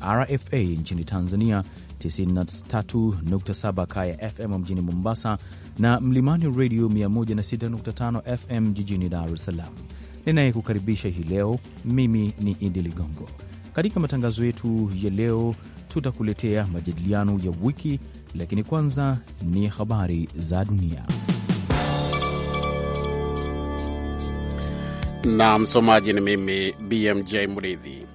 RFA nchini Tanzania, 93.7 Kaya FM mjini Mombasa na Mlimani Radio 106.5 FM jijini Dar es Salaam. Ninayekukaribisha hii leo mimi ni Idi Ligongo. Katika matangazo yetu ya leo tutakuletea majadiliano ya wiki, lakini kwanza ni habari za dunia. Na msomaji ni mimi BMJ Mridhi.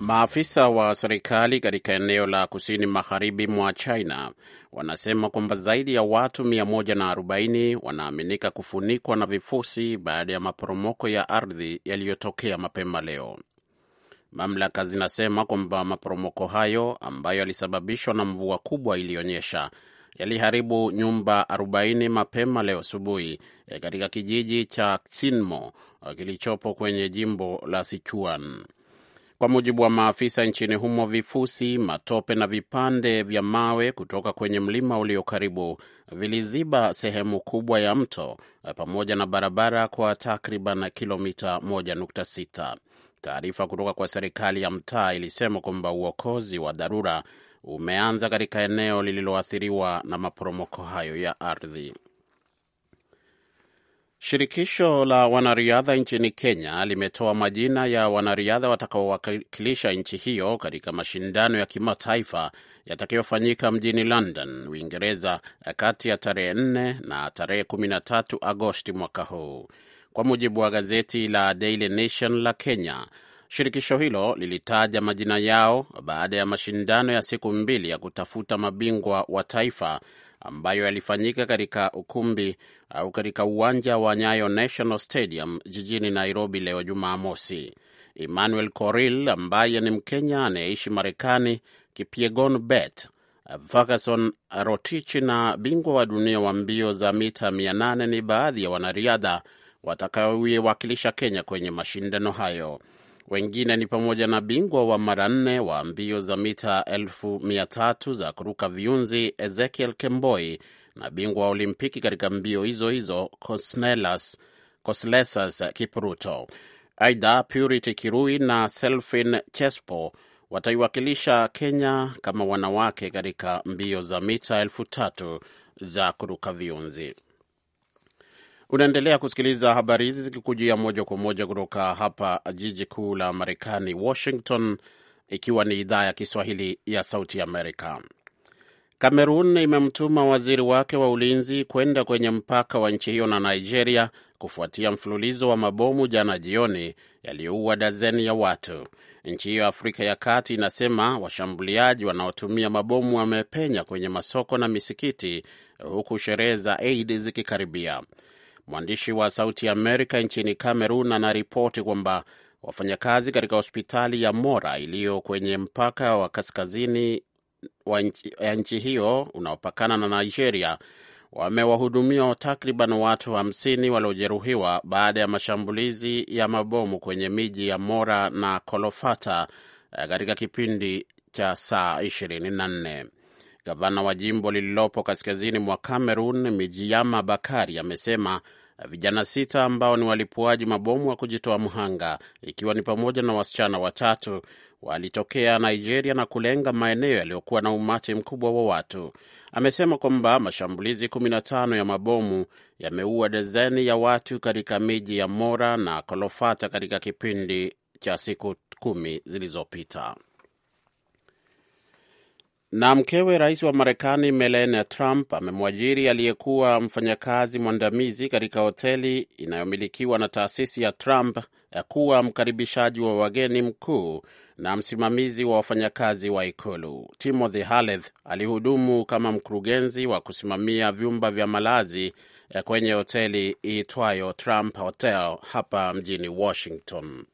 Maafisa wa serikali katika eneo la kusini magharibi mwa China wanasema kwamba zaidi ya watu 140 wanaaminika kufunikwa na vifusi baada ya maporomoko ya ardhi yaliyotokea mapema leo. Mamlaka zinasema kwamba maporomoko hayo ambayo yalisababishwa na mvua kubwa iliyonyesha yaliharibu nyumba 40 mapema leo asubuhi eh, katika kijiji cha Xinmo eh, kilichopo kwenye jimbo la Sichuan. Kwa mujibu wa maafisa nchini humo, vifusi, matope na vipande vya mawe kutoka kwenye mlima ulio karibu viliziba sehemu kubwa ya mto eh, pamoja na barabara kwa takriban kilomita 1.6. Taarifa kutoka kwa serikali ya mtaa ilisema kwamba uokozi wa dharura umeanza katika eneo lililoathiriwa na maporomoko hayo ya ardhi. Shirikisho la wanariadha nchini Kenya limetoa majina ya wanariadha watakaowakilisha nchi hiyo katika mashindano ya kimataifa yatakayofanyika mjini London, Uingereza, kati ya tarehe 4 na tarehe 13 Agosti mwaka huu, kwa mujibu wa gazeti la Daily Nation la Kenya. Shirikisho hilo lilitaja majina yao baada ya mashindano ya siku mbili ya kutafuta mabingwa wa taifa ambayo yalifanyika katika ukumbi au katika uwanja wa Nyayo National Stadium jijini Nairobi leo Jumamosi. Emmanuel Coril ambaye ni Mkenya anayeishi Marekani, kipiegon Bet Ferguson Rotich na bingwa wa dunia wa mbio za mita 800 ni baadhi ya wanariadha watakaowakilisha Kenya kwenye mashindano hayo. Wengine ni pamoja na bingwa wa mara nne wa mbio za mita elfu mia tatu za kuruka viunzi Ezekiel Kemboi na bingwa wa Olimpiki katika mbio hizo hizo Coslesas Kipruto. Aidha, Purity Kirui na Selfin Chespo wataiwakilisha Kenya kama wanawake katika mbio za mita elfu tatu za kuruka viunzi. Unaendelea kusikiliza habari hizi zikikujia moja kwa moja kutoka hapa jiji kuu la Marekani, Washington, ikiwa ni idhaa ya Kiswahili ya Sauti Amerika. Kamerun imemtuma waziri wake wa ulinzi kwenda kwenye mpaka wa nchi hiyo na Nigeria kufuatia mfululizo wa mabomu jana jioni yaliyoua dazeni ya watu. Nchi hiyo ya Afrika ya Kati inasema washambuliaji wanaotumia mabomu wamepenya kwenye masoko na misikiti, huku sherehe za Eid zikikaribia. Mwandishi wa Sauti ya Amerika nchini cameron anaripoti kwamba wafanyakazi katika hospitali ya Mora iliyo kwenye mpaka wa kaskazini wa nchi, ya nchi hiyo unaopakana na Nigeria wamewahudumia takriban watu 50 waliojeruhiwa baada ya mashambulizi ya mabomu kwenye miji ya Mora na Kolofata eh, katika kipindi cha saa 24. Gavana wa jimbo lililopo kaskazini mwa Cameroon, Mijiyama Bakari, amesema vijana sita ambao ni walipuaji mabomu wa kujitoa mhanga, ikiwa ni pamoja na wasichana watatu, walitokea Nigeria na kulenga maeneo yaliyokuwa na umati mkubwa wa watu. Amesema kwamba mashambulizi 15 ya mabomu yameua dezeni ya watu katika miji ya Mora na Kolofata katika kipindi cha siku kumi zilizopita. Na mkewe rais wa Marekani Melania Trump amemwajiri aliyekuwa mfanyakazi mwandamizi katika hoteli inayomilikiwa na taasisi ya Trump ya kuwa mkaribishaji wa wageni mkuu na msimamizi wa wafanyakazi wa ikulu. Timothy Haleth alihudumu kama mkurugenzi wa kusimamia vyumba vya malazi eh, kwenye hoteli iitwayo Trump Hotel hapa mjini Washington.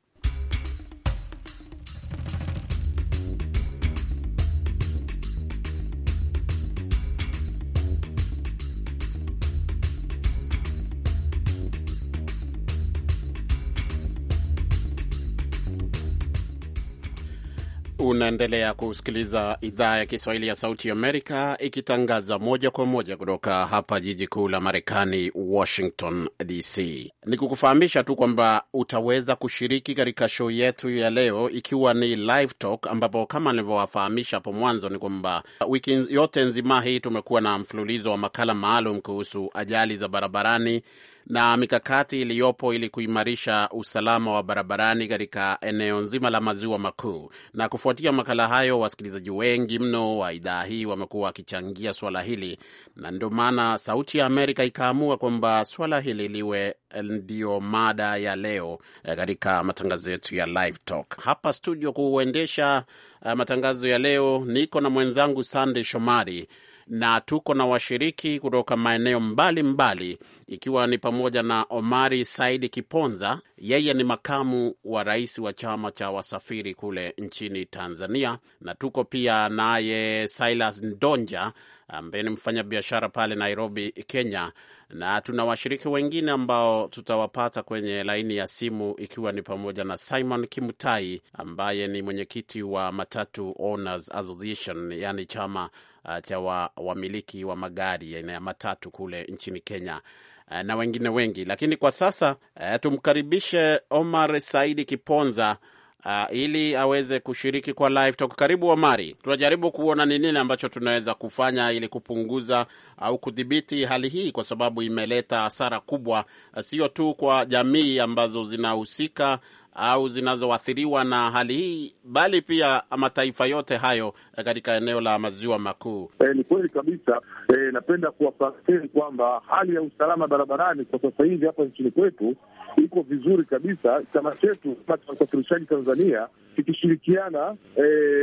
Unaendelea kusikiliza idhaa ya Kiswahili ya Sauti Amerika ikitangaza moja kwa moja kutoka hapa jiji kuu la Marekani, Washington DC. Ni kukufahamisha tu kwamba utaweza kushiriki katika show yetu ya leo, ikiwa ni live talk, ambapo kama nilivyowafahamisha hapo mwanzo ni kwamba wiki yote nzima hii tumekuwa na mfululizo wa makala maalum kuhusu ajali za barabarani na mikakati iliyopo ili kuimarisha usalama wa barabarani katika eneo nzima la maziwa makuu. Na kufuatia makala hayo, wasikilizaji wengi mno wa idhaa hii wamekuwa wakichangia swala hili, na ndio maana Sauti ya Amerika ikaamua kwamba swala hili liwe eh, ndiyo mada ya leo eh, katika matangazo yetu ya Live Talk hapa studio. Kuuendesha eh, matangazo ya leo niko na mwenzangu Sande Shomari na tuko na washiriki kutoka maeneo mbalimbali, ikiwa ni pamoja na Omari Saidi Kiponza, yeye ni makamu wa rais wa chama cha wasafiri kule nchini Tanzania, na tuko pia naye Silas Ndonja ambaye ni mfanyabiashara pale Nairobi, Kenya, na tuna washiriki wengine ambao tutawapata kwenye laini ya simu, ikiwa ni pamoja na Simon Kimutai ambaye ni mwenyekiti wa Matatu Owners Association, yani chama Uh, cha wamiliki wa, wa magari aina ya matatu kule nchini Kenya uh, na wengine wengi. Lakini kwa sasa uh, tumkaribishe Omar Saidi Kiponza Uh, ili aweze kushiriki kwa live talk. Karibu Omari, tunajaribu kuona ni nini ambacho tunaweza kufanya ili kupunguza au kudhibiti hali hii, kwa sababu imeleta hasara kubwa, sio tu kwa jamii ambazo zinahusika au zinazoathiriwa na hali hii, bali pia mataifa yote hayo eh, katika eneo la maziwa makuu. E, ni kweli kabisa. E, napenda kuwafasiri kwamba hali ya usalama barabarani kwa sasa hivi hapa nchini kwetu iko vizuri kabisa. Chama chetu chama cha usafirishaji Tanzania kikishirikiana e,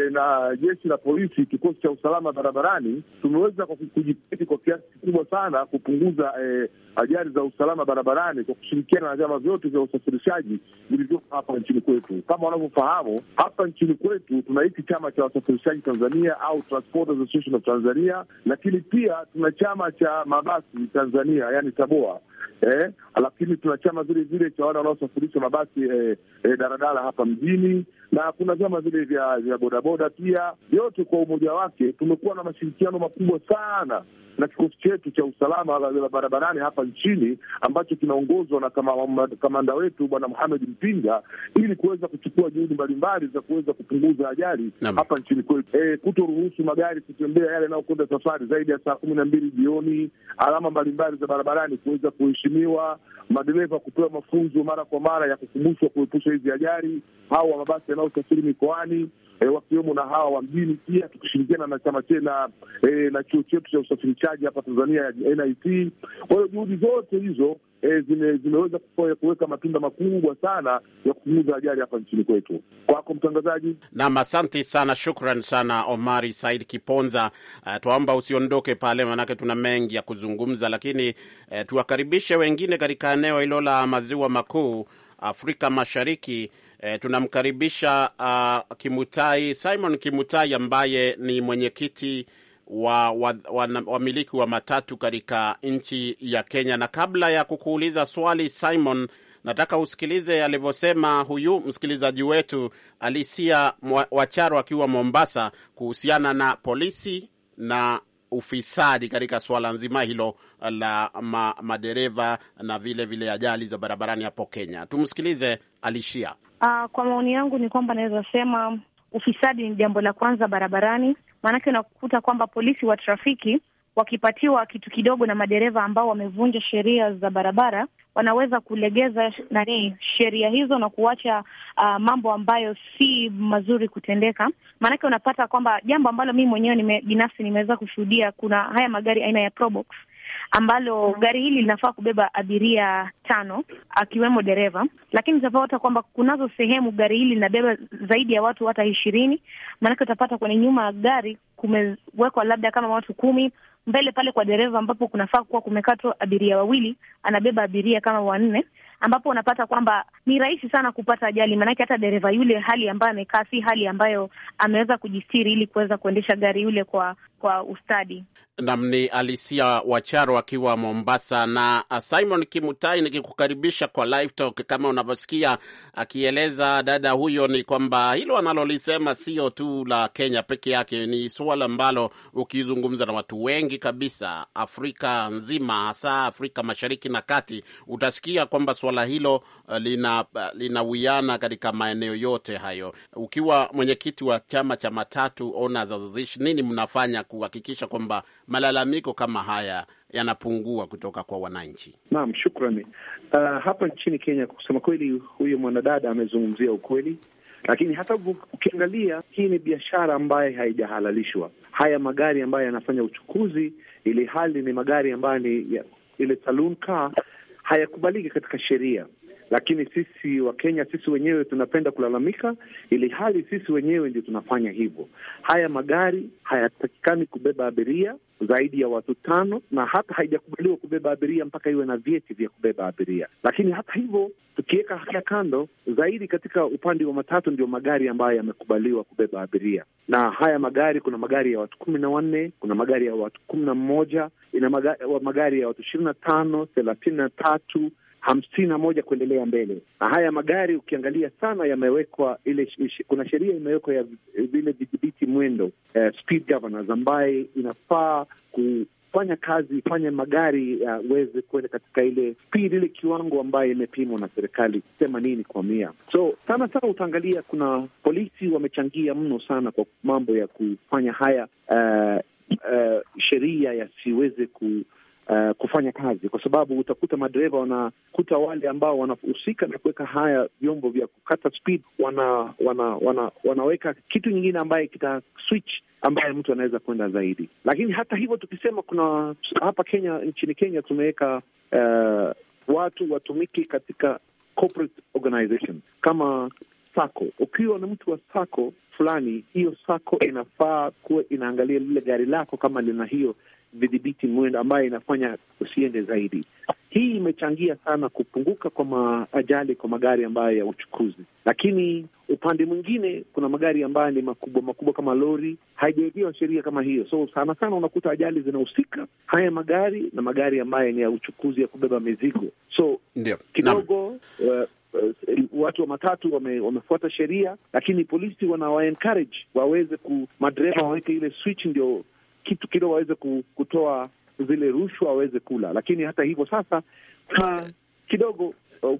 na jeshi la polisi, kikosi cha usalama barabarani, tumeweza kujitahidi kwa kiasi kikubwa sana kupunguza e, ajali za usalama barabarani kwa kushirikiana na vyama vyote vya usafirishaji vilivyopo hapa nchini kwetu. Kama wanavyofahamu hapa nchini kwetu tuna hiki chama cha wasafirishaji Tanzania au Association of Tanzania, lakini pia tuna chama cha mabasi Tanzania, yani TABOA eh, lakini tuna chama vile vile cha wale wanaosafirisha mabasi eh, eh, daradara hapa mjini na kuna vyama vile vya, vya bodaboda pia. Vyote kwa umoja wake tumekuwa na mashirikiano makubwa sana na kikosi chetu cha usalama la barabarani hapa nchini ambacho kinaongozwa na kamanda wetu Bwana muhamed Mpinga ili kuweza kuchukua juhudi mbalimbali za kuweza kupunguza ajali hapa nchini kwetu. E, kutoruhusu magari kutembea yale yanayokwenda safari zaidi ya saa kumi na mbili jioni, alama mbalimbali za barabarani kuweza ku kuheshimiwa, madereva kupewa mafunzo mara kwa mara ya kukumbushwa kuepusha hizi ajali, hao wa mabasi yanayosafiri mikoani e, wakiwemo na hawa wa mjini pia, tukishirikiana na chama na, e, na chuo chetu cha usafirishaji hapa Tanzania NIT. Kwa hiyo juhudi zote hizo E, zime, zimeweza kuweka matunda makubwa sana ya kupunguza ajali hapa nchini kwetu. Kwako mtangazaji. Naam, asante sana, shukran sana Omari Said Kiponza. Uh, e, twaomba usiondoke pale, manake tuna mengi ya kuzungumza, lakini uh, tuwakaribishe wengine katika eneo hilo la maziwa makuu Afrika Mashariki E, tunamkaribisha uh, Kimutai Simon Kimutai ambaye ni mwenyekiti wa wamiliki wa, wa, wa matatu katika nchi ya Kenya. Na kabla ya kukuuliza swali Simon, nataka usikilize alivyosema huyu msikilizaji wetu Alisia Wacharo akiwa Mombasa kuhusiana na polisi na ufisadi katika swala nzima hilo la ma, madereva na vile vile ajali za barabarani hapo Kenya. Tumsikilize Alishia. Uh, kwa maoni yangu ni kwamba naweza sema ufisadi ni jambo la kwanza barabarani, maanake unakuta kwamba polisi wa trafiki wakipatiwa kitu kidogo na madereva ambao wamevunja sheria za barabara, wanaweza kulegeza nani sheria hizo na kuacha uh, mambo ambayo si mazuri kutendeka. Maanake unapata kwamba jambo ambalo mii mwenyewe nime, binafsi nimeweza kushuhudia, kuna haya magari aina ya Probox ambalo gari hili linafaa kubeba abiria tano akiwemo dereva, lakini utapata kwamba kunazo sehemu gari hili linabeba zaidi ya watu hata ishirini. Maanake utapata kwenye nyuma ya gari kumewekwa labda kama watu kumi, mbele pale kwa dereva ambapo kunafaa kuwa kumekatwa abiria wawili, anabeba abiria kama wanne ambapo unapata kwamba ni rahisi sana kupata ajali, maanake hata dereva yule hali ambayo amekaa si hali ambayo ameweza kujistiri ili kuweza kuendesha gari yule kwa kwa ustadi. Nam ni Alisia Wacharo akiwa Mombasa na Simon Kimutai, nikikukaribisha kwa Live Talk. Kama unavyosikia akieleza dada huyo, ni kwamba hilo analolisema sio tu la Kenya peke yake, ni suala ambalo ukizungumza na watu wengi kabisa Afrika nzima, hasa Afrika Mashariki na Kati, utasikia kwamba suala hilo eh, lina eh, linawiana katika maeneo yote hayo. Ukiwa mwenyekiti wa chama cha Matatu Owners Association, nini mnafanya kuhakikisha kwamba malalamiko kama haya yanapungua kutoka kwa wananchi. Naam, shukrani. Uh, hapa nchini Kenya kusema kweli, huyo mwanadada amezungumzia ukweli, lakini hata ukiangalia hii ni biashara ambaye haijahalalishwa. Haya magari ambayo yanafanya uchukuzi, ili hali ni magari ambayo ni ile saloon car hayakubaliki katika sheria lakini sisi Wakenya, sisi wenyewe tunapenda kulalamika, ili hali sisi wenyewe ndio tunafanya hivyo. Haya magari hayatakikani kubeba abiria zaidi ya watu tano, na hata haijakubaliwa kubeba abiria mpaka iwe na vyeti vya kubeba abiria. Lakini hata hivyo, tukiweka haya kando zaidi, katika upande wa matatu ndio magari ambayo yamekubaliwa kubeba abiria, na haya magari, kuna magari ya watu kumi na wanne, kuna magari ya watu kumi na mmoja, ina magari ya watu ishirini na tano, thelathini na tatu hamsini na moja kuendelea mbele. Na haya magari ukiangalia sana yamewekwa ile, kuna sheria imewekwa ya vile vidhibiti mwendo uh, speed governors, ambaye inafaa kufanya kazi ifanye magari yaweze uh, kuenda katika ile speed, ile kiwango ambayo imepimwa na serikali themanini kwa mia. So sana sana utaangalia kuna polisi wamechangia mno sana kwa mambo ya kufanya haya uh, uh, sheria yasiweze ku uh, kufanya kazi, kwa sababu utakuta madereva wanakuta wale ambao wanahusika na kuweka haya vyombo vya kukata speed wana, wana, wana wanaweka kitu nyingine ambaye kita switch ambaye mtu anaweza kwenda zaidi. Lakini hata hivyo tukisema kuna hapa Kenya, nchini Kenya tumeweka uh, watu watumiki katika corporate organization kama sako. Ukiwa na mtu wa sako fulani, hiyo sako inafaa kuwa inaangalia lile gari lako kama lina hiyo vidhibiti mwendo ambayo inafanya usiende zaidi. Hii imechangia sana kupunguka kwa maajali kwa magari ambayo ya uchukuzi, lakini upande mwingine kuna magari ambayo ni makubwa makubwa kama lori, haijawekewa sheria kama hiyo, so sana sana unakuta ajali zinahusika haya magari na magari ambayo ni ya uchukuzi ya kubeba mizigo, so Ndiyo. kidogo eh, eh, watu wa matatu wame, wamefuata sheria, lakini polisi wanawa encourage waweze ku madereva waweke ile switch ndio kitu kidogo waweze kutoa zile rushwa waweze kula. Lakini hata hivyo sasa ha, kidogo uh,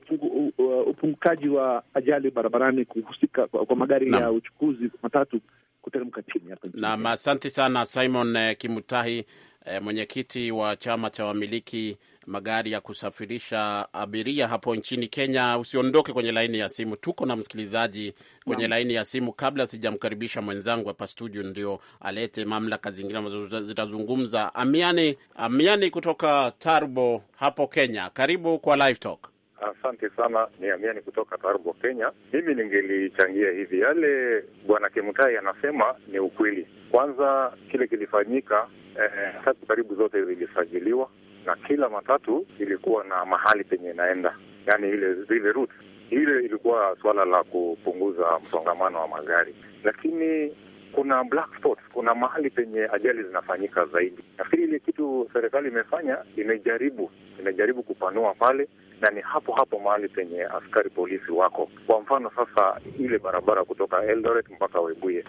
uh, upungukaji wa ajali barabarani kuhusika kwa magari na ya uchukuzi matatu kuteremka chini hapa. asante sana Simon eh, Kimutahi, eh, mwenyekiti wa chama cha wamiliki magari ya kusafirisha abiria hapo nchini Kenya. Usiondoke kwenye laini ya simu, tuko na msikilizaji kwenye Mama. laini ya simu. Kabla sijamkaribisha mwenzangu hapa studio ndio alete mamlaka zingine ambazo zitazungumza, Amiani Amiani kutoka Tarbo hapo Kenya, karibu kwa Live Talk. Asante sana, ni Amiani kutoka Tarbo, Kenya. Mimi ningelichangia hivi, yale bwana kemutai anasema ni ukweli. Kwanza kile kilifanyika, eh, tatu karibu zote zilisajiliwa na kila matatu ilikuwa na mahali penye inaenda, yani ile zile route. Hilo ilikuwa suala la kupunguza msongamano wa magari, lakini kuna black spots, kuna mahali penye ajali zinafanyika zaidi. Nafikiri ile kitu serikali imefanya imejaribu, imejaribu kupanua pale, na ni hapo hapo mahali penye askari polisi wako. Kwa mfano sasa, ile barabara kutoka Eldoret mpaka Webuye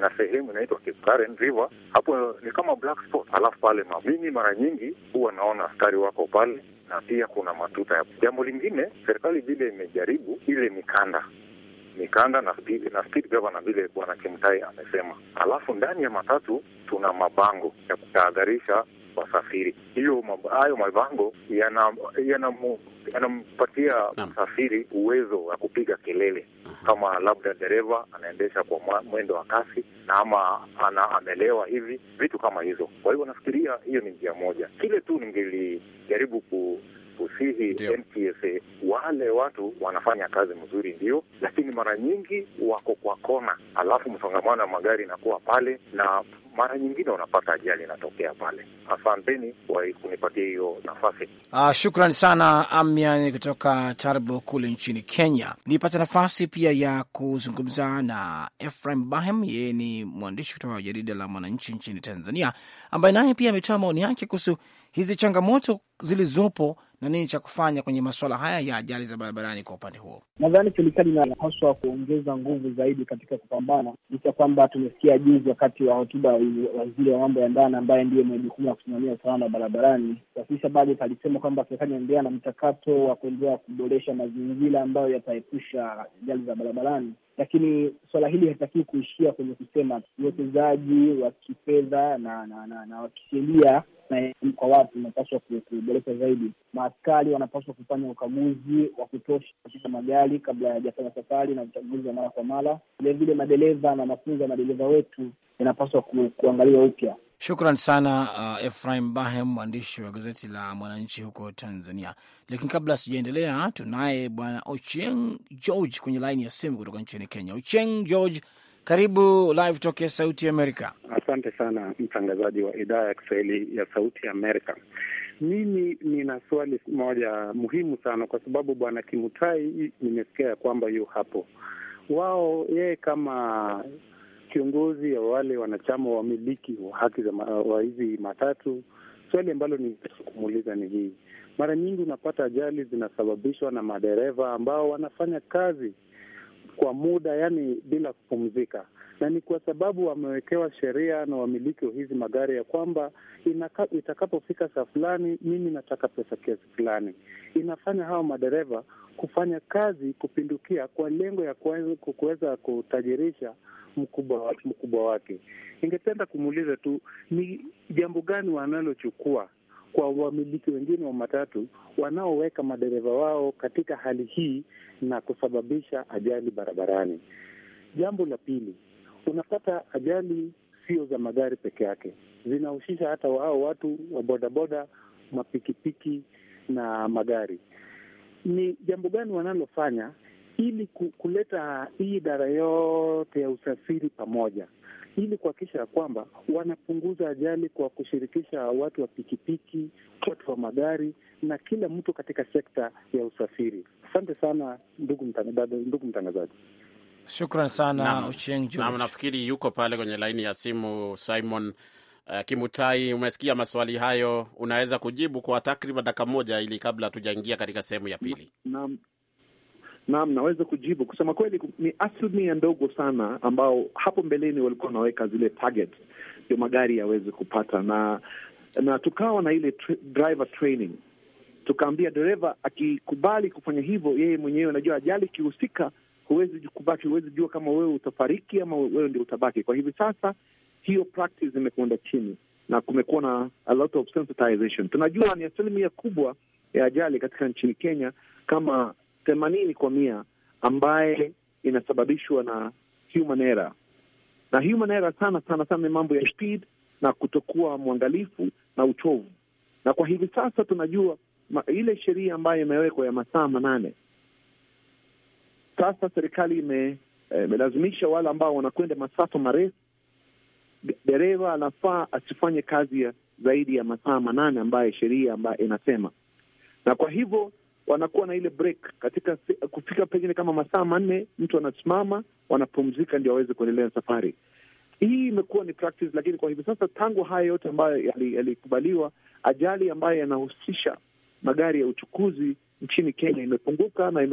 kuna sehemu inaitwa Kipkaren River, hapo ni kama black spot. Alafu pale mimi mara nyingi huwa naona askari wako pale na pia kuna matuta ya. Jambo lingine serikali vile imejaribu ile mikanda mikanda na speed, na speed vile bwana Kimtai amesema. Alafu ndani ya matatu tuna mabango ya kutahadharisha wasafiri. Hiyo hayo mabango yanampatia yana msafiri uwezo wa kupiga kelele kama labda dereva anaendesha kwa mwendo wa kasi na ama ana, amelewa hivi vitu kama hizo. Kwa hivyo nafikiria hiyo ni njia moja. Kile tu ningelijaribu ku kusihi NTSA, wale watu wanafanya kazi mzuri ndio, lakini mara nyingi wako kwa kona, alafu msongamano wa magari inakuwa pale na mara nyingine unapata ajali inatokea pale. Asanteni kwa kunipatia hiyo nafasi. Ah, shukran sana Amyan kutoka Tarbo kule nchini Kenya. Nipata nafasi pia ya kuzungumza na Efraim Bahem, yeye ni mwandishi kutoka jarida la Mwananchi nchini Tanzania, ambaye naye pia ametoa maoni yake kuhusu hizi changamoto zilizopo na nini cha kufanya kwenye masuala haya ya ajali za barabarani? Kwa upande huo, nadhani serikali inapaswa kuongeza nguvu zaidi katika kupambana, licha kwamba tumesikia juzi wakati wa hotuba waziri wa mambo ya ndani ambaye ndiye mwenye jukumu la kusimamia usalama wa barabarani kuwasilisha bajeti, alisema kwamba serikali inaendelea na mchakato wa kuendelea kuboresha mazingira ambayo yataepusha ajali za barabarani lakini swala hili halitakiwi kuishia kwenye kusema uwekezaji wa kifedha na na, na, na wakisheria na kwa watu unapaswa kuboresha zaidi. Maaskari wanapaswa kufanya ukaguzi wa kutosha katika magari kabla hajafanya safari na uchaguzi wa mara kwa mara. Vilevile madereva na mafunzo ya madereva wetu yanapaswa ku, kuangaliwa upya. Shukran sana uh, Efraim Bahem, mwandishi wa gazeti la Mwananchi huko Tanzania. Lakini kabla sijaendelea, tunaye bwana Ochieng George kwenye laini ya simu kutoka nchini Kenya. Ochieng George, karibu Live Talk ya Sauti Amerika. Asante sana mtangazaji wa idhaa ya Kiswahili ya Sauti Amerika. Mimi nina swali moja muhimu sana, kwa sababu bwana Kimutai nimesikia ya kwamba yu hapo wao yeye kama kiongozi ya wale wanachama wamiliki wa haki za wa hizi matatu, swali ambalo nikumuuliza kumuuliza ni hii: mara nyingi unapata ajali zinasababishwa na madereva ambao wanafanya kazi kwa muda, yani bila kupumzika na ni kwa sababu wamewekewa sheria na wamiliki wa hizi magari ya kwamba itakapofika saa fulani, mimi nataka pesa kiasi fulani. Inafanya hawa madereva kufanya kazi kupindukia kwa lengo ya kuweza kutajirisha mkubwa mkubwa wake. Ningependa kumuuliza tu ni jambo gani wanalochukua kwa wamiliki wengine wa matatu wanaoweka madereva wao katika hali hii na kusababisha ajali barabarani. Jambo la pili, unapata ajali sio za magari peke yake, zinahusisha hata wao watu wa bodaboda, mapikipiki na magari. Ni jambo gani wanalofanya ili kuleta hii idara yote ya usafiri pamoja, ili kuhakikisha ya kwamba wanapunguza ajali kwa kushirikisha watu wa pikipiki, watu wa magari na kila mtu katika sekta ya usafiri. Asante sana ndugu mtangazaji. Shukran sana Ochieng George. Na nafikiri yuko pale kwenye laini ya simu Simon uh, Kimutai. Umesikia maswali hayo, unaweza kujibu kwa takriban dakika moja ili kabla hatujaingia katika sehemu ya pili. Naam. Naam, naweza kujibu. Kusema kweli, ni asilimia ndogo sana ambao hapo mbeleni walikuwa wanaweka zile target ndio magari yaweze kupata, na na tukawa na ile tra driver training, tukaambia dereva akikubali kufanya hivyo, yeye mwenyewe anajua ajali ikihusika, huwezi kubaki, huwezi jua kama wewe utafariki ama wewe ndio utabaki. Kwa hivi sasa hiyo practice imekwenda chini na kumekuwa na a lot of sensitization. Tunajua ni asilimia kubwa ya ajali katika nchini Kenya kama themanini kwa mia ambaye inasababishwa na human error, na human error sana sana sana ni mambo ya speed na kutokuwa mwangalifu na uchovu. Na kwa hivi sasa tunajua ma, ile sheria ambayo imewekwa ya masaa manane sasa serikali eh, imelazimisha eh, wale ambao wanakwenda masafa marefu, dereva anafaa asifanye kazi ya zaidi ya masaa manane ambaye sheria ambayo inasema, na kwa hivyo wanakuwa na ile break katika kufika pengine kama masaa manne, mtu anasimama, wanapumzika ndio waweze kuendelea na safari. Hii imekuwa ni practice, lakini kwa hivi sasa tangu haya yote ambayo yalikubaliwa, ajali ambayo yanahusisha magari ya uchukuzi nchini Kenya imepunguka na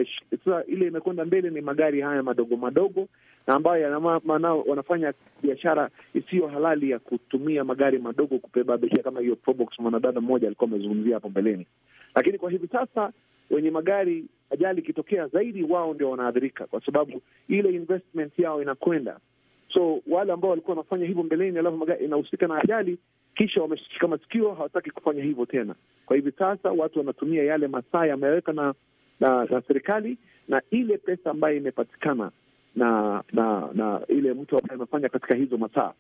sasa ile imekwenda mbele ni magari haya madogo madogo na ambayo yanamaana wanafanya biashara isiyo halali ya kutumia magari madogo kubeba abiria kama hiyo Probox mwanadada mmoja alikuwa amezungumzia hapo mbeleni. Lakini kwa hivi sasa wenye magari, ajali ikitokea, zaidi wao ndio wanaadhirika, kwa sababu ile investment yao inakwenda. So wale ambao walikuwa wanafanya hivyo mbeleni, alafu magari inahusika na ajali, kisha wameshika masikio, hawataki kufanya hivyo tena. Kwa hivi sasa watu wanatumia yale masaa yameweka na, na, na serikali na ile pesa ambayo imepatikana na na na ile mtu ambaye amefanya katika hizo masaa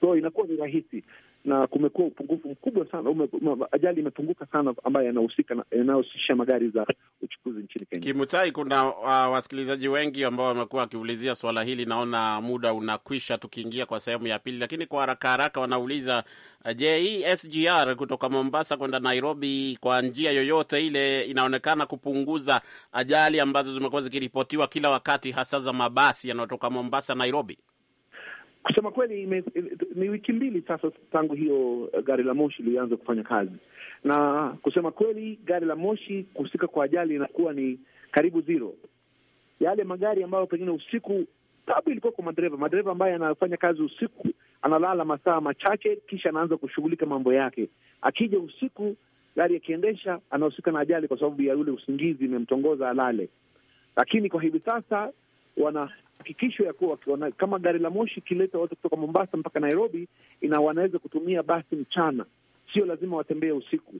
so inakuwa ni rahisi, na kumekuwa upungufu mkubwa sana ume, ajali imepunguka sana ambayo yanahusika yanayohusisha magari za uchukuzi nchini Kenya. Kimutai, kuna uh, wasikilizaji wengi ambao wamekuwa wakiulizia swala hili. Naona muda unakwisha tukiingia kwa sehemu ya pili, lakini kwa haraka haraka wanauliza uh, je, hii SGR kutoka Mombasa kwenda Nairobi kwa njia yoyote ile inaonekana kupunguza ajali ambazo zimekuwa zikiripotiwa kila wakati, hasa za mabasi yanayotoka Mombasa Nairobi? Kusema kweli ime, ni wiki mbili sasa tangu hiyo eh, gari la moshi lilianza kufanya kazi, na kusema kweli gari la moshi kuhusika kwa ajali inakuwa ni karibu zero. Yale magari ambayo pengine usiku tabu ilikuwa kwa madereva, madereva ambaye anafanya kazi usiku analala masaa machache, kisha anaanza kushughulika mambo yake. Akija usiku gari akiendesha, anahusika na ajali kwa sababu ya yule usingizi imemtongoza alale. Lakini kwa hivi sasa wana hakikisho ya kuwa kama gari la moshi ikileta watu kutoka Mombasa mpaka Nairobi, ina wanaweza kutumia basi mchana, sio lazima watembee usiku.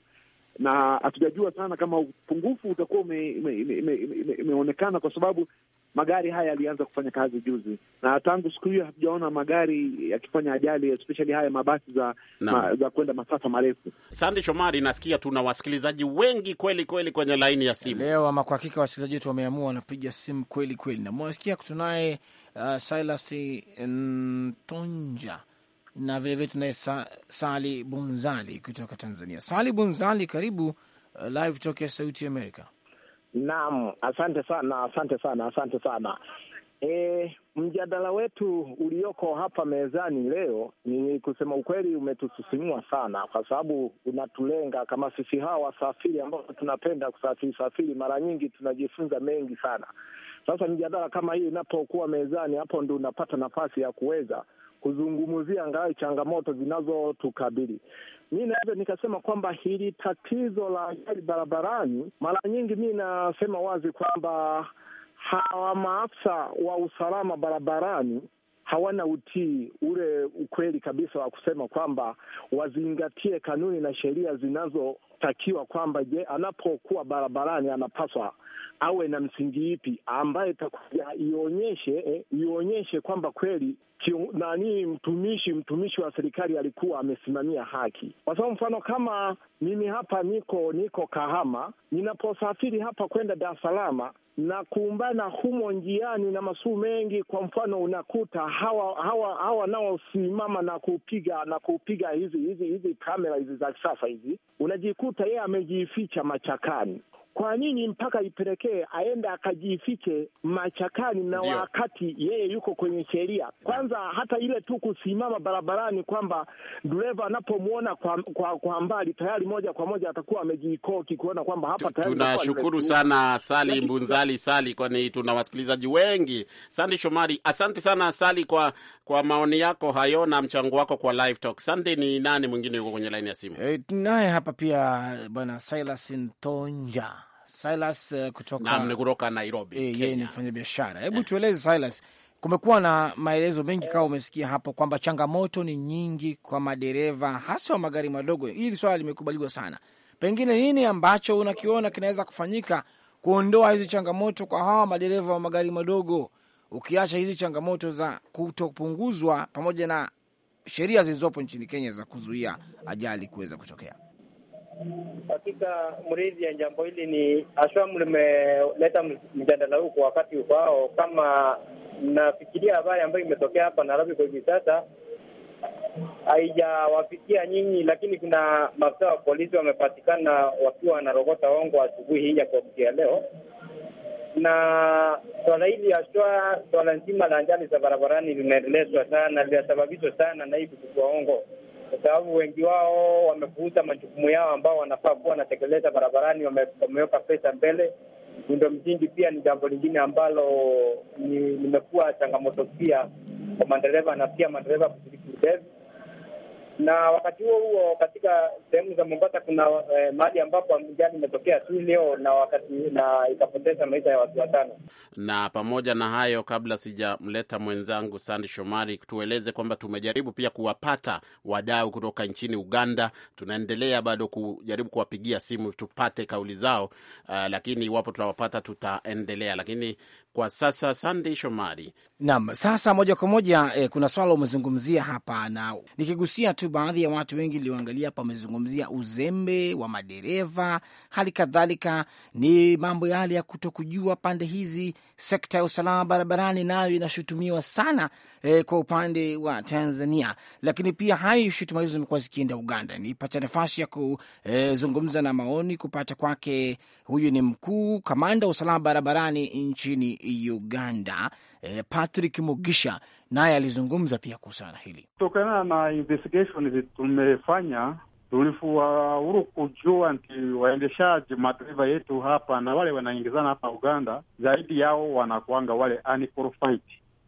Na hatujajua sana kama upungufu utakuwa imeonekana, kwa sababu magari haya yalianza kufanya kazi juzi, na tangu siku hiyo hatujaona magari yakifanya ajali, especially haya mabasi za ma, za kwenda masafa marefu. Sande Shomari, nasikia tuna wasikilizaji wengi kweli kweli kwenye laini ya simu leo, ama kwa hakika wasikilizaji wetu wameamua, wanapiga simu kweli kweli, na mwasikia tunaye uh, Silas Ntonja na vilevile tunaye sa, Sali Bunzali kutoka Tanzania. Sali Bunzali, karibu uh, live talk ya Sauti Amerika. Naam, asante sana, asante sana, asante sana. E, mjadala wetu ulioko hapa mezani leo ni kusema ukweli, umetusisimua sana, kwa sababu unatulenga kama sisi hawa wasafiri ambao tunapenda kusafiri safiri, mara nyingi tunajifunza mengi sana. Sasa mjadala kama hii inapokuwa mezani, hapo ndo unapata nafasi ya kuweza kuzungumzia angalau changamoto zinazotukabili. Mi naweza nikasema kwamba hili tatizo la ajali barabarani, mara nyingi mi nasema wazi kwamba hawa maafisa wa usalama barabarani hawana utii ule ukweli kabisa wa kusema kwamba wazingatie kanuni na sheria zinazotakiwa, kwamba je, anapokuwa barabarani anapaswa awe na msingi ipi ambaye itakuja ionyeshe eh, ionyeshe kwamba kweli nani mtumishi mtumishi wa serikali alikuwa amesimamia haki. Kwa sababu mfano kama mimi hapa niko niko Kahama, ninaposafiri hapa kwenda Dar es Salaam na kuumbana humo njiani na masuu mengi. Kwa mfano, unakuta hawa hawa hawa wanaosimama na kupiga na kupiga hizi hizi hizi kamera hizi za kisasa hizi, unajikuta yeye amejificha machakani kwa nini mpaka ipelekee aende akajifiche machakani na Dio, wakati yeye yuko kwenye sheria? Kwanza hata ile tu kusimama barabarani kwamba dereva anapomwona kwa, kwa, kwa mbali tayari moja kwa moja atakuwa amejikoki kuona kwamba hapa tayari. Tunashukuru sana Sali Mbunzali Sali, kwani tuna wasikilizaji wengi. Sandi Shomari, asante sana Sali kwa kwa maoni yako hayo na mchango wako kwa live talk. Sandi, ni nani mwingine yuko kwenye laini ya simu? E, eh, naye hapa pia bwana Silas Ntonja Silas eh, kutoka naam, ni kutoka Nairobi, eh, yeye ni mfanya biashara. Hebu eh. tueleze Silas, kumekuwa na maelezo mengi kama umesikia hapo kwamba changamoto ni nyingi kwa madereva hasa wa magari madogo. Hili swala limekubaliwa sana, pengine nini ambacho unakiona kinaweza kufanyika kuondoa hizi changamoto kwa hawa madereva wa magari madogo, ukiacha hizi changamoto za kutopunguzwa pamoja na sheria zilizopo nchini Kenya za kuzuia ajali kuweza kutokea? Hakika mridhi ya jambo hili ni ashwam, limeleta mjadala huu kwa wakati ufao. Kama nafikiria habari ambayo imetokea hapa Nairobi kwa hivi sasa haijawafikia nyinyi, lakini kuna maafisa wa polisi wamepatikana wakiwa wanarogota ongo asubuhi hii ya kuamkia leo, na swala hili haswa swala nzima la ajali za barabarani linaendelezwa sana, linasababishwa sana na hii kuchukua ongo kwa sababu wengi wao wamevuta majukumu yao ambao wanafaa kuwa wanatekeleza barabarani, wameweka pesa mbele. Miundo msingi pia ni jambo lingine ambalo limekuwa changamoto pia kwa madereva na pia madereva kushiriki ulevi na wakati huo huo katika sehemu za Mombasa kuna eh, mahali ambapo ajali imetokea tu leo na wakati na ikapoteza maisha ya watu watano. Na pamoja na hayo, kabla sijamleta mwenzangu Sandi Shomari, tueleze kwamba tumejaribu pia kuwapata wadau kutoka nchini Uganda. Tunaendelea bado kujaribu kuwapigia simu tupate kauli zao, uh, lakini iwapo tutawapata tutaendelea, lakini kwa sasa Sandi Shomari. Naam, sasa moja kwa moja eh, kuna swala umezungumzia hapa na nikigusia tu baadhi ya watu wengi nilioangalia hapa wamezungumzia uzembe wa madereva, hali kadhalika ni mambo yale ya kujua pande hizi. Sekta ya usalama barabarani nayo inashutumiwa sana eh, kwa upande wa Tanzania, lakini pia hayo shutuma hizo zimekuwa zikienda Uganda. Nipata nafasi ya kuzungumza eh, na maoni kupata kwake. Huyu ni mkuu kamanda wa usalama barabarani nchini Uganda eh, Patrick Mugisha naye alizungumza pia kuhusiana na hili. Kutokana na investigation tumefanya tulifuahuru kujua nti waendeshaji madriva yetu hapa na wale wanaingizana hapa Uganda, zaidi yao wanakuanga wale unqualified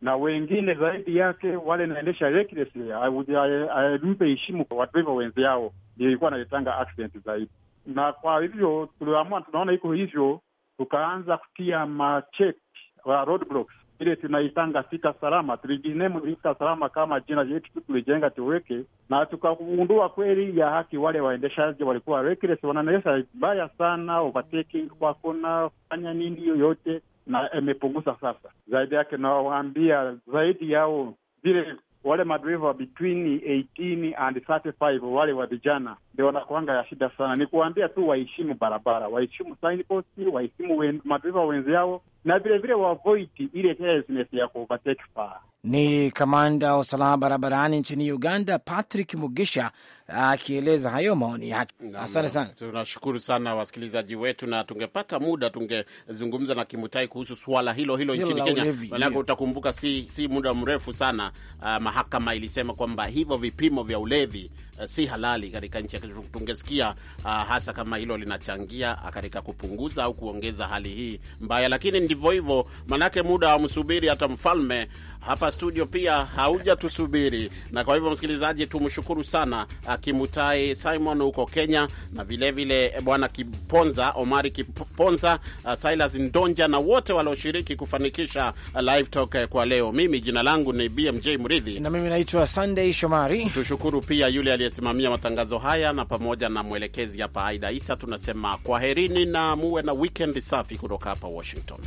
na wengine zaidi yake wale naendesha recklessly, haimpe heshimu kwa wadriva wenzi yao, ndio ilikuwa naletanga accident zaidi. Na kwa hivyo tuliamua, tunaona iko hivyo, tukaanza kutia macheki wa uh, roadblocks ile tunaitanga sita salama, tulijinemu sita salama kama jina yetu tulijenga tuweke, na tukagundua kweli ya haki, wale waendeshaji walikuwa reckless, wanaendesha baya sana, overtaking kuna fanya nini yoyote, na imepunguza sasa. Zaidi yake nawaambia zaidi yao zile wale madriva between 18 and 35 wale wa vijana ndio wanakuanga ya shida sana. Ni kuambia tu waheshimu barabara, waheshimu signpost, waheshimu wen, madereva yao, na vilevile waavoid ile carelessness ya kuovertake far. Ni kamanda wa usalama barabarani nchini Uganda, Patrick Mugisha akieleza hayo maoni yake. Asante sana, tunashukuru sana wasikilizaji wetu, na tungepata muda tungezungumza na Kimutai kuhusu swala hilo hilo, hilo nchini Kenya. Manake utakumbuka si, si muda mrefu sana uh, mahakama ilisema kwamba hivyo vipimo vya ulevi uh, si halali katika nchi ya tungesikia uh, ah, hasa kama hilo linachangia katika kupunguza au kuongeza hali hii mbaya, lakini ndivyo hivyo, manake muda wa msubiri hata mfalme hapa studio pia haujatusubiri, na kwa hivyo msikilizaji, tumshukuru sana uh, Kimutai Simon huko Kenya, na vilevile eh, bwana Kiponza Omari Kiponza, uh, Silas Ndonja na wote walioshiriki kufanikisha uh, live talk eh, kwa leo. Mimi jina langu ni BMJ Mridhi na mimi naitwa Sunday Shomari. Tushukuru pia yule aliyesimamia matangazo haya na pamoja na mwelekezi hapa Aida Isa. Tunasema kwaherini na muwe na weekend safi kutoka hapa Washington.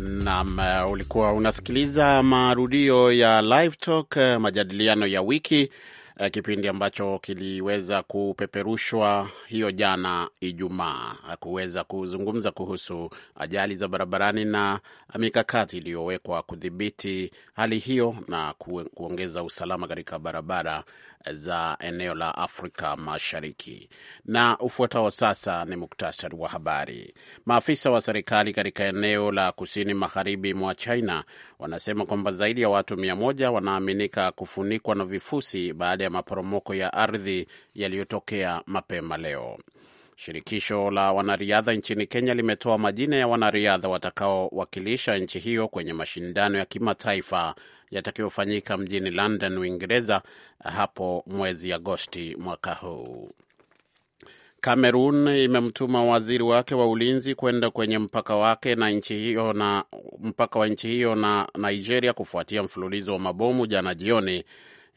Naam, uh, ulikuwa unasikiliza marudio ya Live Talk, uh, majadiliano ya wiki, uh, kipindi ambacho kiliweza kupeperushwa hiyo jana Ijumaa, kuweza kuzungumza kuhusu ajali za barabarani na mikakati iliyowekwa kudhibiti hali hiyo na kuongeza usalama katika barabara za eneo la Afrika Mashariki. Na ufuatao sasa ni muktasari wa habari. Maafisa wa serikali katika eneo la kusini magharibi mwa China wanasema kwamba zaidi ya watu mia moja wanaaminika kufunikwa na vifusi baada ya maporomoko ya ardhi yaliyotokea mapema leo. Shirikisho la wanariadha nchini Kenya limetoa majina ya wanariadha watakaowakilisha nchi hiyo kwenye mashindano ya kimataifa yatakayofanyika mjini London, Uingereza hapo mwezi Agosti mwaka huu. Kamerun imemtuma waziri wake wa ulinzi kwenda kwenye mpaka wake na nchi hiyo na mpaka wa nchi hiyo na Nigeria kufuatia mfululizo wa mabomu jana jioni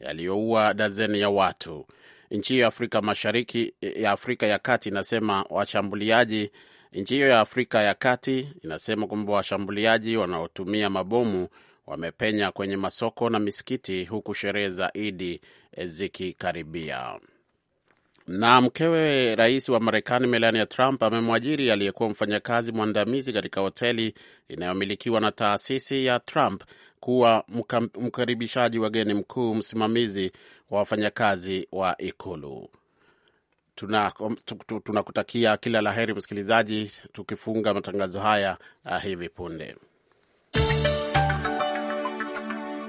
yaliyoua dazeni ya watu. Nchi hiyo ya Afrika Mashariki ya Afrika ya Kati inasema washambuliaji nchi hiyo ya Afrika ya Kati inasema kwamba washambuliaji wanaotumia mabomu wamepenya kwenye masoko na misikiti huku sherehe za Idi e, zikikaribia. Na mkewe rais wa Marekani Melania Trump amemwajiri aliyekuwa mfanyakazi mwandamizi katika hoteli inayomilikiwa na taasisi ya Trump kuwa mkaribishaji wageni mkuu, msimamizi wa wafanyakazi wa Ikulu. Tunakutakia tuna kila la heri msikilizaji, tukifunga matangazo haya ah, hivi punde.